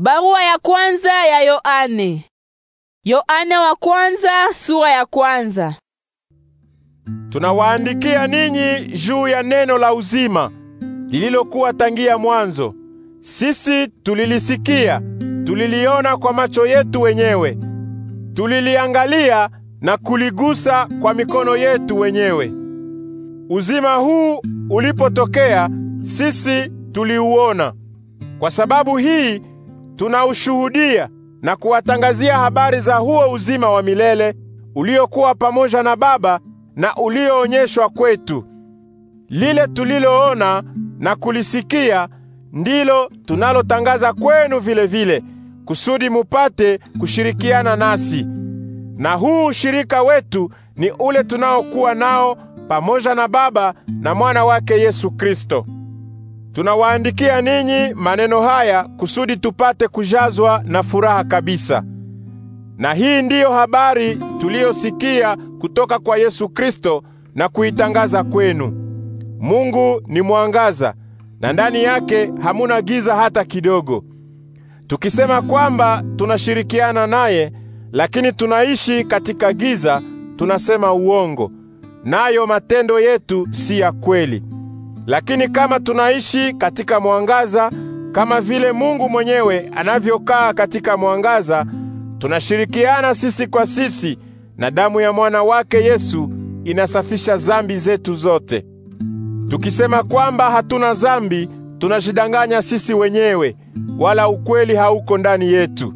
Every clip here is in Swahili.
Barua ya kwanza ya Yohane. Yohane wa kwanza sura ya kwanza. Tunawaandikia ninyi juu ya neno la uzima lililokuwa tangia mwanzo. Sisi tulilisikia, tuliliona kwa macho yetu wenyewe. Tuliliangalia na kuligusa kwa mikono yetu wenyewe. Uzima huu ulipotokea, sisi tuliuona. Kwa sababu hii tunaushuhudia na kuwatangazia habari za huo uzima wa milele uliokuwa pamoja na Baba na ulioonyeshwa kwetu. Lile tuliloona na kulisikia ndilo tunalotangaza kwenu vile vile, kusudi mupate kushirikiana nasi. Na huu ushirika wetu ni ule tunaokuwa nao pamoja na Baba na mwana wake Yesu Kristo. Tunawaandikia ninyi maneno haya kusudi tupate kujazwa na furaha kabisa. Na hii ndiyo habari tuliyosikia kutoka kwa Yesu Kristo na kuitangaza kwenu. Mungu ni mwangaza na ndani yake hamuna giza hata kidogo. Tukisema kwamba tunashirikiana naye lakini tunaishi katika giza, tunasema uongo, nayo matendo yetu si ya kweli. Lakini kama tunaishi katika mwangaza, kama vile Mungu mwenyewe anavyokaa katika mwangaza, tunashirikiana sisi kwa sisi, na damu ya mwana wake Yesu inasafisha zambi zetu zote. Tukisema kwamba hatuna zambi, tunajidanganya sisi wenyewe, wala ukweli hauko ndani yetu.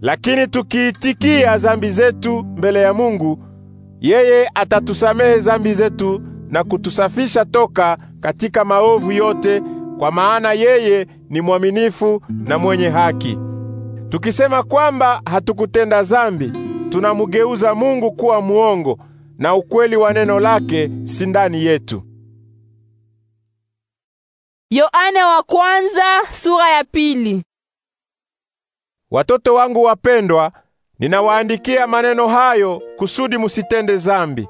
Lakini tukiitikia zambi zetu mbele ya Mungu, yeye atatusamehe zambi zetu na kutusafisha toka katika maovu yote, kwa maana yeye ni mwaminifu na mwenye haki. Tukisema kwamba hatukutenda zambi, tunamugeuza Mungu kuwa muongo na ukweli wa neno lake si ndani yetu. Yoane wa kwanza, sura ya pili. Watoto wangu wapendwa, ninawaandikia maneno hayo kusudi musitende zambi.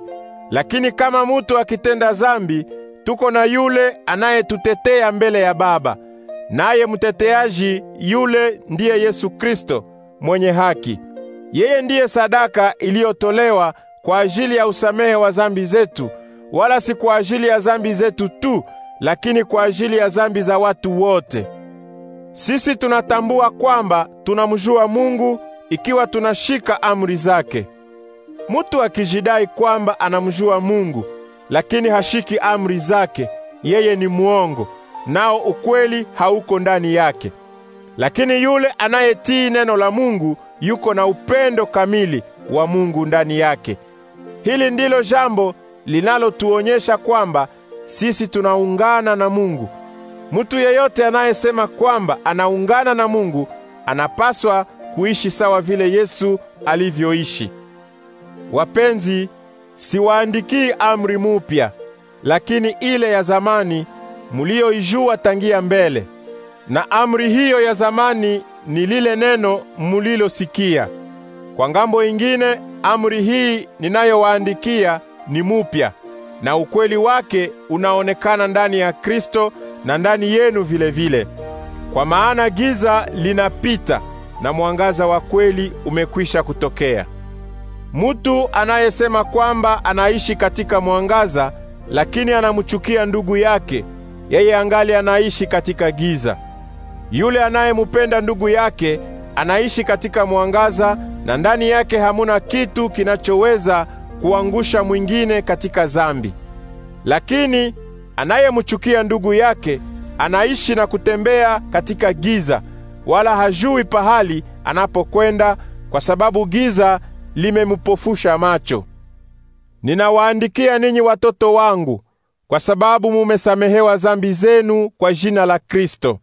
Lakini kama mutu akitenda zambi, tuko na yule anayetutetea mbele ya Baba, naye mteteaji yule ndiye Yesu Kristo mwenye haki. Yeye ndiye sadaka iliyotolewa kwa ajili ya usamehe wa zambi zetu, wala si kwa ajili ya zambi zetu tu, lakini kwa ajili ya zambi za watu wote. Sisi tunatambua kwamba tunamjua Mungu ikiwa tunashika amri zake. Mutu akijidai kwamba anamjua Mungu lakini hashiki amri zake, yeye ni mwongo, nao ukweli hauko ndani yake. Lakini yule anayetii neno la Mungu yuko na upendo kamili wa Mungu ndani yake. Hili ndilo jambo linalotuonyesha kwamba sisi tunaungana na Mungu. Mtu yeyote anayesema kwamba anaungana na Mungu anapaswa kuishi sawa vile Yesu alivyoishi. Wapenzi, siwaandikii amri mupya, lakini ile ya zamani mulioijua tangia mbele. Na amri hiyo ya zamani ni lile neno mulilosikia. Kwa ngambo ingine, amri hii ninayowaandikia ni mupya, na ukweli wake unaonekana ndani ya Kristo na ndani yenu vile vile. Kwa maana giza linapita na mwangaza wa kweli umekwisha kutokea. Mutu anayesema kwamba anaishi katika mwangaza lakini anamchukia ndugu yake, yeye angali anaishi katika giza. Yule anayemupenda ndugu yake anaishi katika mwangaza na ndani yake hamuna kitu kinachoweza kuangusha mwingine katika zambi. Lakini anayemchukia ndugu yake anaishi na kutembea katika giza, wala hajui pahali anapokwenda, kwa sababu giza limempofusha macho. Ninawaandikia ninyi watoto wangu, kwa sababu mumesamehewa zambi zenu kwa jina la Kristo.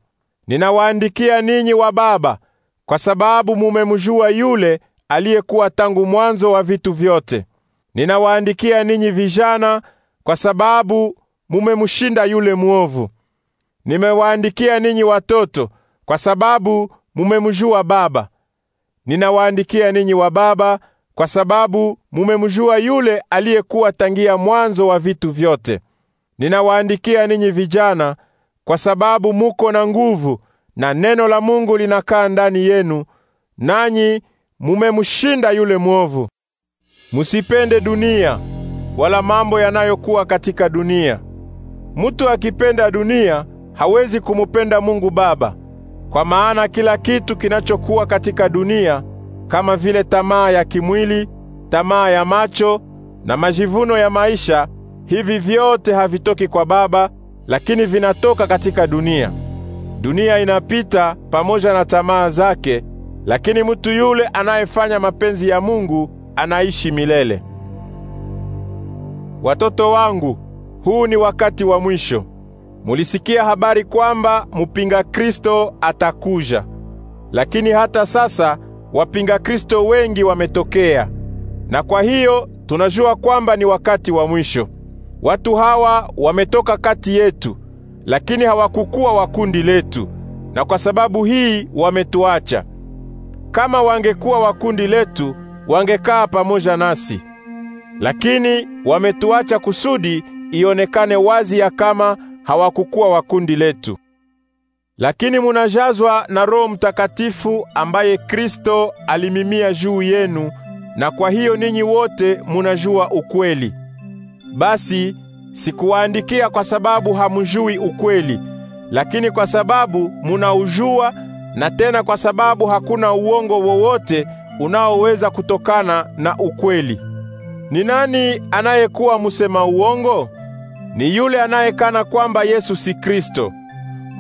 Ninawaandikia ninyi wa baba, kwa sababu mumemjua yule aliyekuwa tangu mwanzo wa vitu vyote. Ninawaandikia ninyi vijana, kwa sababu mumemshinda yule mwovu. Nimewaandikia ninyi watoto, kwa sababu mumemjua Baba. Ninawaandikia ninyi wa baba kwa sababu mumemjua yule aliyekuwa tangia mwanzo wa vitu vyote. Ninawaandikia ninyi vijana, kwa sababu muko na nguvu na neno la Mungu linakaa ndani yenu, nanyi mumemshinda yule mwovu. Musipende dunia wala mambo yanayokuwa katika dunia. Mutu akipenda dunia hawezi kumupenda Mungu Baba, kwa maana kila kitu kinachokuwa katika dunia kama vile tamaa ya kimwili, tamaa ya macho na majivuno ya maisha, hivi vyote havitoki kwa Baba, lakini vinatoka katika dunia. Dunia inapita pamoja na tamaa zake, lakini mtu yule anayefanya mapenzi ya Mungu anaishi milele. Watoto wangu, huu ni wakati wa mwisho. Mulisikia habari kwamba mupinga Kristo atakuja. Lakini hata sasa wapinga Kristo wengi wametokea, na kwa hiyo tunajua kwamba ni wakati wa mwisho. Watu hawa wametoka kati yetu, lakini hawakukuwa wa kundi letu, na kwa sababu hii wametuacha. Kama wangekuwa wa kundi letu, wangekaa pamoja nasi, lakini wametuacha kusudi ionekane wazi ya kama hawakukuwa wa kundi letu lakini munajazwa na Roho Mtakatifu ambaye Kristo alimimia juu yenu, na kwa hiyo ninyi wote munajua ukweli. Basi sikuwaandikia kwa sababu hamjui ukweli, lakini kwa sababu munaujua, na tena kwa sababu hakuna uongo wowote unaoweza kutokana na ukweli. Ni nani anayekuwa msema uongo? Ni yule anayekana kwamba Yesu si Kristo.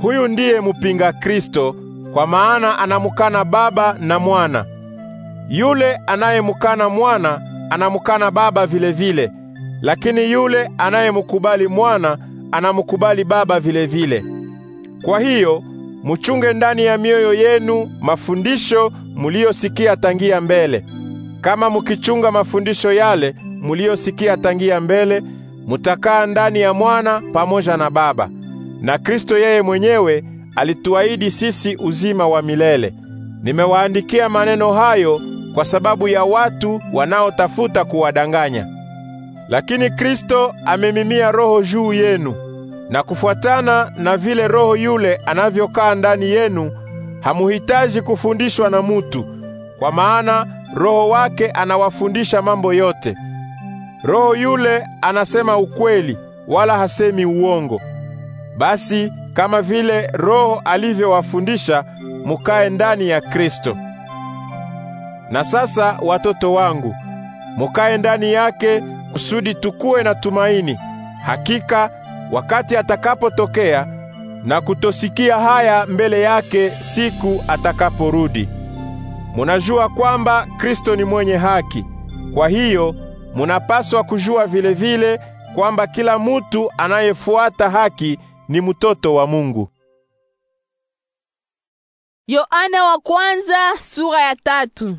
Huyu ndiye mupinga Kristo, kwa maana anamukana Baba na Mwana. Yule anayemukana Mwana anamukana Baba vilevile vile. Lakini yule anayemukubali Mwana anamukubali Baba vilevile vile. Kwa hiyo muchunge ndani ya mioyo yenu mafundisho muliyosikia tangia mbele. Kama mukichunga mafundisho yale muliyosikia tangia mbele, mutakaa ndani ya Mwana pamoja na Baba na Kristo yeye mwenyewe alituahidi sisi uzima wa milele. Nimewaandikia maneno hayo kwa sababu ya watu wanaotafuta kuwadanganya. Lakini Kristo amemimia roho juu yenu, na kufuatana na vile roho yule anavyokaa ndani yenu, hamuhitaji kufundishwa na mutu, kwa maana roho wake anawafundisha mambo yote. Roho yule anasema ukweli, wala hasemi uongo. Basi kama vile Roho alivyowafundisha, mukae ndani ya Kristo. Na sasa watoto wangu, mukae ndani yake kusudi tukue na tumaini. Hakika wakati atakapotokea na kutosikia haya mbele yake siku atakaporudi. Munajua kwamba Kristo ni mwenye haki. Kwa hiyo munapaswa kujua vile vile kwamba kila mutu anayefuata haki ni mtoto wa Mungu. Yohana wa kwanza sura ya tatu.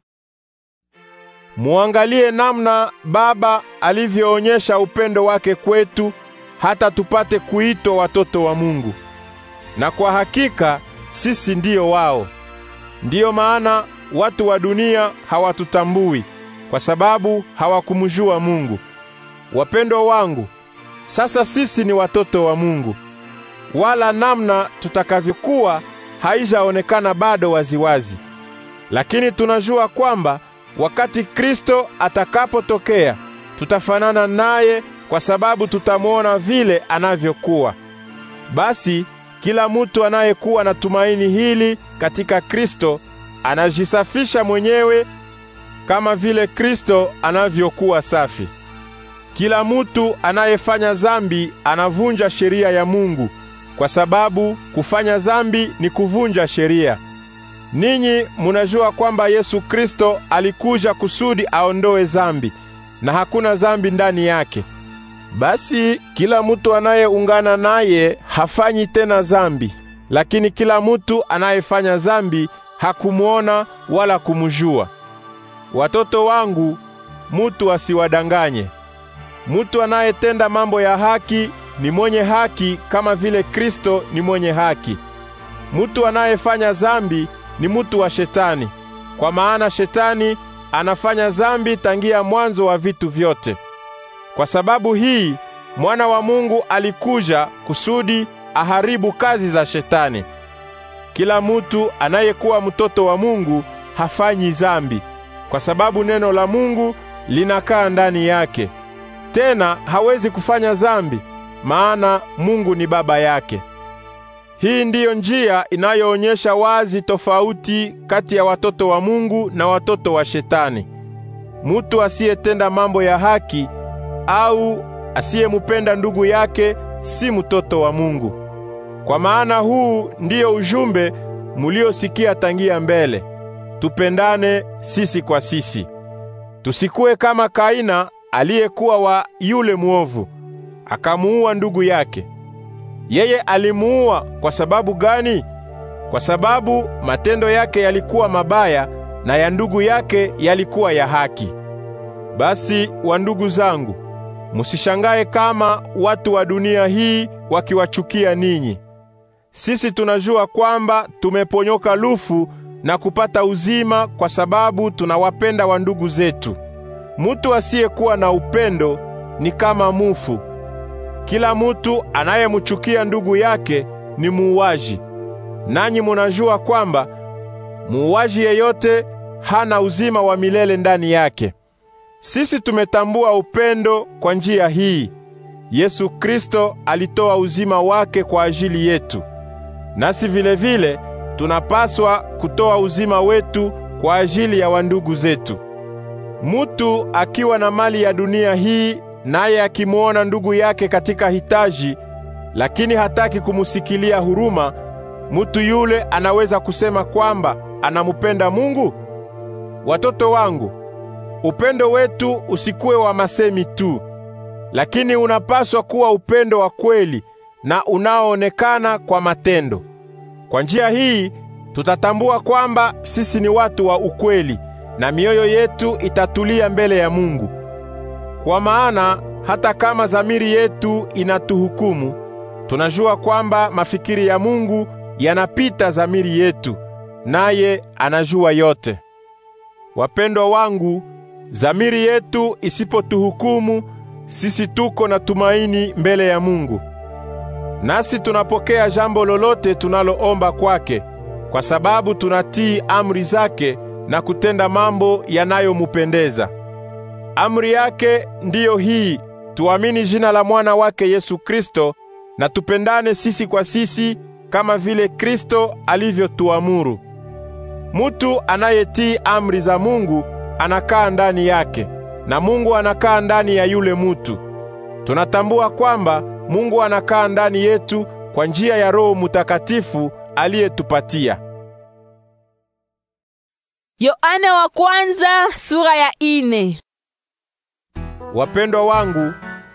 Muangalie namna Baba alivyoonyesha upendo wake kwetu hata tupate kuitwa watoto wa Mungu. Na kwa hakika sisi ndiyo wao. Ndiyo maana watu wa dunia hawatutambui kwa sababu hawakumjua Mungu. Wapendwa wangu, sasa sisi ni watoto wa Mungu wala namna tutakavyokuwa haijaonekana bado waziwazi. Lakini tunajua kwamba wakati Kristo atakapotokea, tutafanana naye kwa sababu tutamwona vile anavyokuwa. Basi kila mtu anayekuwa na tumaini hili katika Kristo anajisafisha mwenyewe kama vile Kristo anavyokuwa safi. Kila mtu anayefanya zambi anavunja sheria ya Mungu kwa sababu kufanya zambi ni kuvunja sheria. Ninyi munajua kwamba Yesu Kristo alikuja kusudi aondoe zambi na hakuna zambi ndani yake. Basi kila mutu anayeungana naye hafanyi tena zambi, lakini kila mutu anayefanya zambi hakumwona wala kumjua. Watoto wangu, mutu asiwadanganye. Mutu anayetenda mambo ya haki ni mwenye haki kama vile Kristo ni mwenye haki. Mutu anayefanya zambi ni mutu wa Shetani, kwa maana Shetani anafanya zambi tangia mwanzo wa vitu vyote. Kwa sababu hii mwana wa Mungu alikuja kusudi aharibu kazi za Shetani. Kila mutu anayekuwa mtoto wa Mungu hafanyi zambi, kwa sababu neno la Mungu linakaa ndani yake, tena hawezi kufanya zambi maana Mungu ni baba yake. Hii ndiyo njia inayoonyesha wazi tofauti kati ya watoto wa Mungu na watoto wa Shetani. Mutu asiyetenda mambo ya haki au asiyemupenda ndugu yake si mtoto wa Mungu. Kwa maana huu ndiyo ujumbe muliosikia tangia mbele, tupendane sisi kwa sisi. Tusikuwe kama Kaina aliyekuwa wa yule mwovu akamuua ndugu yake. Yeye alimuua kwa sababu gani? Kwa sababu matendo yake yalikuwa mabaya na ya ndugu yake yalikuwa ya haki. Basi wandugu zangu, musishangae kama watu wa dunia hii wakiwachukia ninyi. Sisi tunajua kwamba tumeponyoka lufu na kupata uzima kwa sababu tunawapenda ndugu zetu. Mutu asiyekuwa na upendo ni kama mufu. Kila mutu anayemuchukia ndugu yake ni muuaji, nanyi munajua kwamba muuaji yeyote hana uzima wa milele ndani yake. Sisi tumetambua upendo kwa njia hii: Yesu Kristo alitoa uzima wake kwa ajili yetu, nasi vilevile tunapaswa kutoa uzima wetu kwa ajili ya wandugu zetu. Mutu akiwa na mali ya dunia hii naye akimwona ndugu yake katika hitaji, lakini hataki kumusikilia huruma, mtu yule anaweza kusema kwamba anamupenda Mungu? Watoto wangu, upendo wetu usikuwe wa masemi tu, lakini unapaswa kuwa upendo wa kweli na unaoonekana kwa matendo. Kwa njia hii tutatambua kwamba sisi ni watu wa ukweli na mioyo yetu itatulia mbele ya Mungu. Kwa maana hata kama zamiri yetu inatuhukumu, tunajua kwamba mafikiri ya Mungu yanapita zamiri yetu, naye anajua yote. Wapendwa wangu, zamiri yetu isipotuhukumu, sisi tuko na tumaini mbele ya Mungu. Nasi tunapokea jambo lolote tunaloomba kwake, kwa sababu tunatii amri zake na kutenda mambo yanayomupendeza. Amri yake ndiyo hii: tuamini jina la mwana wake Yesu Kristo na tupendane sisi kwa sisi kama vile Kristo alivyotuamuru. Mutu anayetii amri za Mungu anakaa ndani yake na Mungu anakaa ndani ya yule mutu. Tunatambua kwamba Mungu anakaa ndani yetu kwa njia ya Roho Mutakatifu aliyetupatia. Yoane wa kwanza sura ya ine. Wapendwa wangu,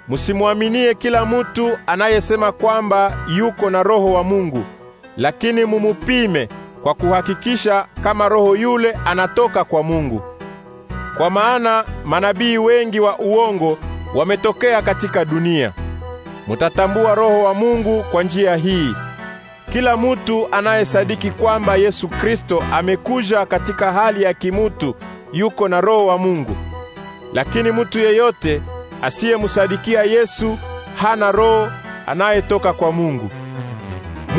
msimwaminie kila mutu anayesema kwamba yuko na roho wa Mungu, lakini mumupime kwa kuhakikisha kama roho yule anatoka kwa Mungu. Kwa maana manabii wengi wa uongo wametokea katika dunia. Mutatambua roho wa Mungu kwa njia hii. Kila mutu anayesadiki kwamba Yesu Kristo amekuja katika hali ya kimutu yuko na roho wa Mungu. Lakini mtu yeyote asiyemsadikia Yesu hana roho anayetoka kwa Mungu.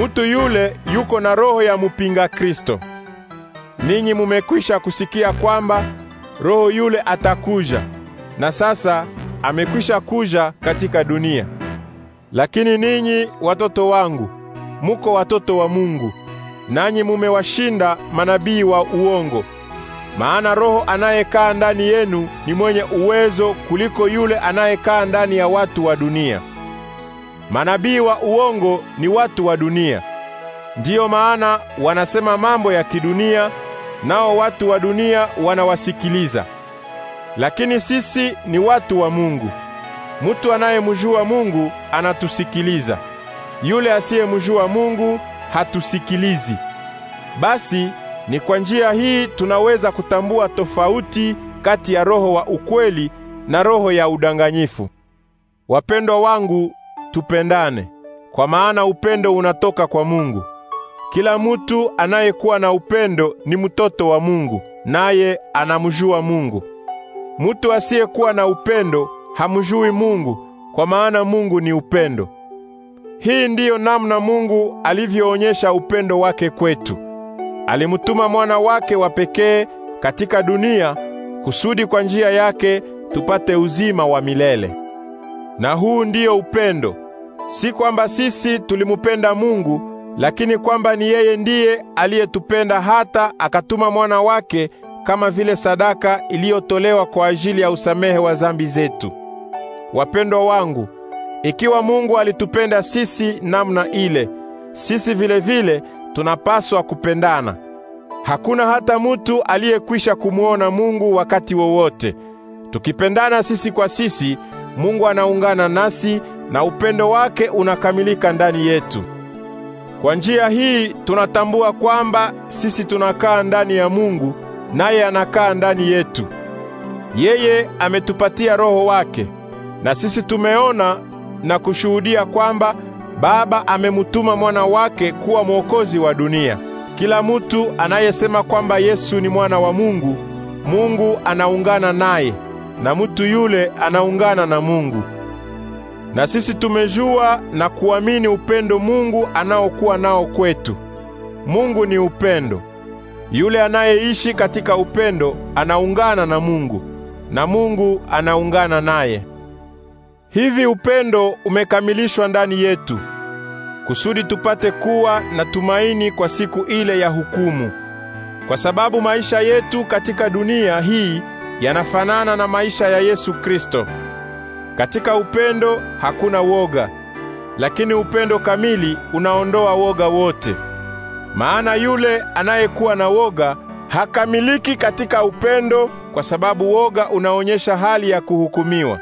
Mtu yule yuko na roho ya mupinga Kristo. Ninyi mumekwisha kusikia kwamba roho yule atakuja, na sasa amekwisha kuja katika dunia. Lakini ninyi watoto wangu, muko watoto wa Mungu, nanyi mumewashinda manabii wa uongo, maana roho anayekaa ndani yenu ni mwenye uwezo kuliko yule anayekaa ndani ya watu wa dunia. Manabii wa uongo ni watu wa dunia, ndiyo maana wanasema mambo ya kidunia, nao watu wa dunia wanawasikiliza. Lakini sisi ni watu wa Mungu. Mutu anayemjua Mungu anatusikiliza, yule asiyemjua Mungu hatusikilizi. Basi ni kwa njia hii tunaweza kutambua tofauti kati ya roho wa ukweli na roho ya udanganyifu. Wapendwa wangu, tupendane, kwa maana upendo unatoka kwa Mungu. Kila mutu anayekuwa na upendo ni mtoto wa Mungu, naye anamjua Mungu. Mutu asiyekuwa na upendo hamjui Mungu, kwa maana Mungu ni upendo. Hii ndiyo namna Mungu alivyoonyesha upendo wake kwetu alimutuma mwana wake wa pekee katika dunia kusudi kwa njia yake tupate uzima wa milele. Na huu ndiyo upendo, si kwamba sisi tulimupenda Mungu, lakini kwamba ni yeye ndiye aliyetupenda hata akatuma mwana wake kama vile sadaka iliyotolewa kwa ajili ya usamehe wa zambi zetu. Wapendwa wangu, ikiwa Mungu alitupenda sisi namna ile, sisi vile vile tunapaswa kupendana. Hakuna hata mutu aliyekwisha kumwona Mungu wakati wowote. Tukipendana sisi kwa sisi, Mungu anaungana nasi na upendo wake unakamilika ndani yetu. Kwa njia hii tunatambua kwamba sisi tunakaa ndani ya Mungu naye anakaa ndani yetu. Yeye ametupatia roho wake na sisi tumeona na kushuhudia kwamba Baba amemutuma mwana wake kuwa mwokozi wa dunia. Kila mutu anayesema kwamba Yesu ni mwana wa Mungu, Mungu anaungana naye na mutu yule anaungana na Mungu. Na sisi tumejua na kuamini upendo Mungu anaokuwa nao kwetu. Mungu ni upendo. Yule anayeishi katika upendo anaungana na Mungu na Mungu anaungana naye. Hivi upendo umekamilishwa ndani yetu, kusudi tupate kuwa na tumaini kwa siku ile ya hukumu, kwa sababu maisha yetu katika dunia hii yanafanana na maisha ya Yesu Kristo. Katika upendo hakuna woga, lakini upendo kamili unaondoa woga wote. Maana yule anayekuwa na woga hakamiliki katika upendo, kwa sababu woga unaonyesha hali ya kuhukumiwa.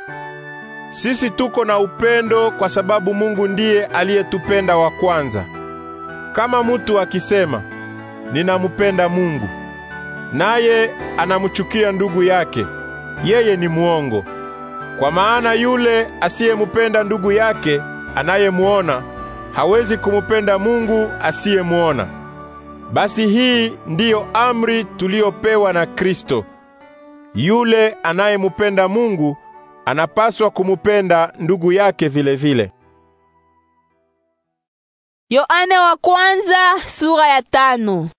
Sisi tuko na upendo kwa sababu Mungu ndiye aliyetupenda wa kwanza. Kama mutu akisema ninamupenda Mungu naye anamchukia ndugu yake, yeye ni muongo. Kwa maana yule asiyemupenda ndugu yake anayemuona hawezi kumupenda Mungu asiyemuona. Basi hii ndiyo amri tuliyopewa na Kristo, yule anayemupenda Mungu anapaswa kumupenda ndugu yake vilevile vile. Yohane wa kwanza sura ya tano.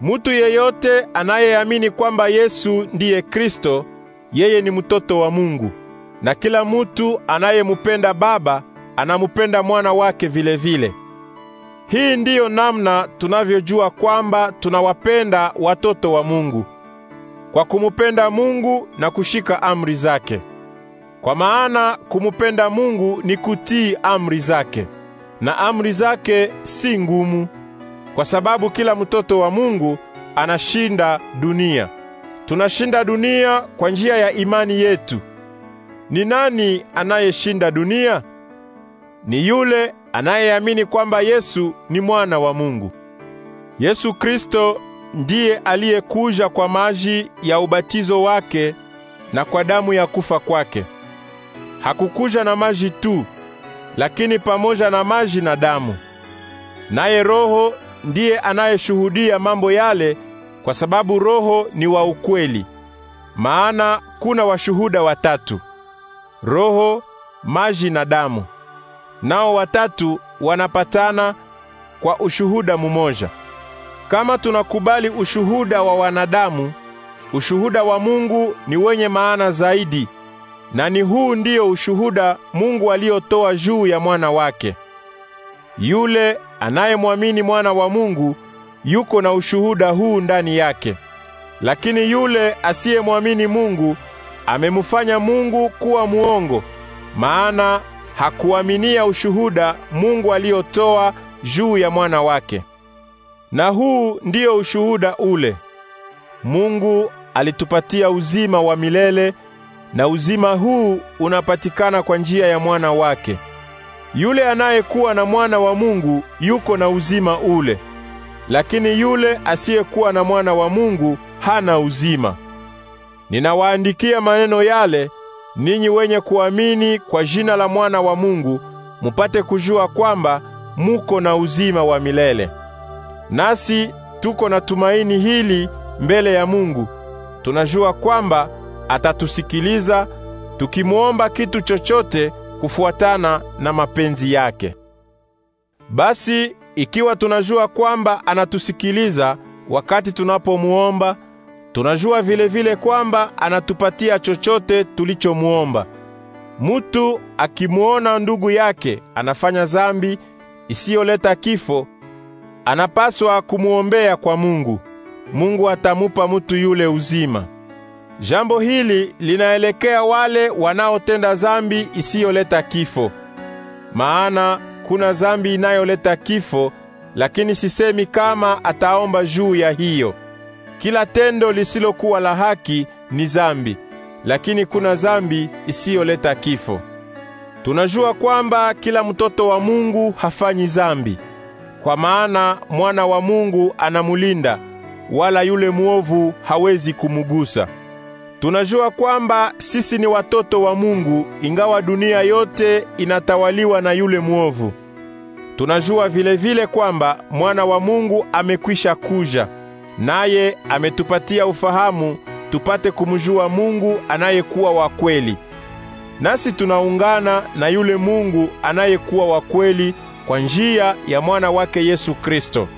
Mutu yeyote anayeamini kwamba Yesu ndiye Kristo, yeye ni mtoto wa Mungu. Na kila mutu anayemupenda Baba anamupenda mwana wake vilevile vile. Hii ndiyo namna tunavyojua kwamba tunawapenda watoto wa Mungu kwa kumupenda Mungu na kushika amri zake. Kwa maana kumupenda Mungu ni kutii amri zake, na amri zake si ngumu, kwa sababu kila mtoto wa Mungu anashinda dunia. Tunashinda dunia kwa njia ya imani yetu. Ni nani anayeshinda dunia? Ni yule anayeamini kwamba Yesu ni mwana wa Mungu. Yesu Kristo ndiye aliyekuja kwa maji ya ubatizo wake na kwa damu ya kufa kwake. Hakukuja na maji tu, lakini pamoja na maji na damu. Naye Roho ndiye anayeshuhudia mambo yale, kwa sababu Roho ni wa ukweli. Maana kuna washuhuda watatu: Roho, maji na damu, nao watatu wanapatana kwa ushuhuda mumoja. Kama tunakubali ushuhuda wa wanadamu, ushuhuda wa Mungu ni wenye maana zaidi, na ni huu ndiyo ushuhuda Mungu aliyotoa juu ya mwana wake. Yule anayemwamini mwana wa Mungu yuko na ushuhuda huu ndani yake. Lakini yule asiyemwamini Mungu amemfanya Mungu kuwa muongo, maana hakuaminia ushuhuda Mungu aliyotoa juu ya mwana wake. Na huu ndio ushuhuda ule: Mungu alitupatia uzima wa milele, na uzima huu unapatikana kwa njia ya mwana wake. Yule anayekuwa na mwana wa Mungu yuko na uzima ule, lakini yule asiyekuwa na mwana wa Mungu hana uzima. Ninawaandikia maneno yale ninyi wenye kuamini kwa jina la mwana wa Mungu, mupate kujua kwamba muko na uzima wa milele. Nasi tuko na tumaini hili mbele ya Mungu. Tunajua kwamba atatusikiliza tukimwomba kitu chochote kufuatana na mapenzi yake. Basi ikiwa tunajua kwamba anatusikiliza wakati tunapomuomba, tunajua vile vile kwamba anatupatia chochote tulichomuomba. Mutu akimuona ndugu yake anafanya zambi isiyoleta kifo, anapaswa kumwombea kwa Mungu. Mungu atamupa mutu yule uzima. Jambo hili linaelekea wale wanaotenda zambi isiyoleta kifo. Maana kuna zambi inayoleta kifo, lakini sisemi kama ataomba juu ya hiyo. Kila tendo lisilokuwa la haki ni zambi, lakini kuna zambi isiyoleta kifo. Tunajua kwamba kila mtoto wa Mungu hafanyi zambi kwa maana mwana wa Mungu anamulinda, wala yule mwovu hawezi kumugusa. Tunajua kwamba sisi ni watoto wa Mungu, ingawa dunia yote inatawaliwa na yule mwovu. Tunajua vile vile kwamba mwana wa Mungu amekwisha kuja, naye ametupatia ufahamu tupate kumjua Mungu anayekuwa wa kweli. Nasi tunaungana na yule Mungu anayekuwa wa kweli kwa njia ya mwana wake Yesu Kristo.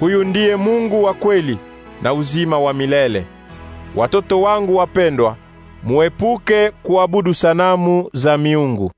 Huyu ndiye Mungu wa kweli na uzima wa milele. Watoto wangu wapendwa, muepuke kuabudu sanamu za miungu.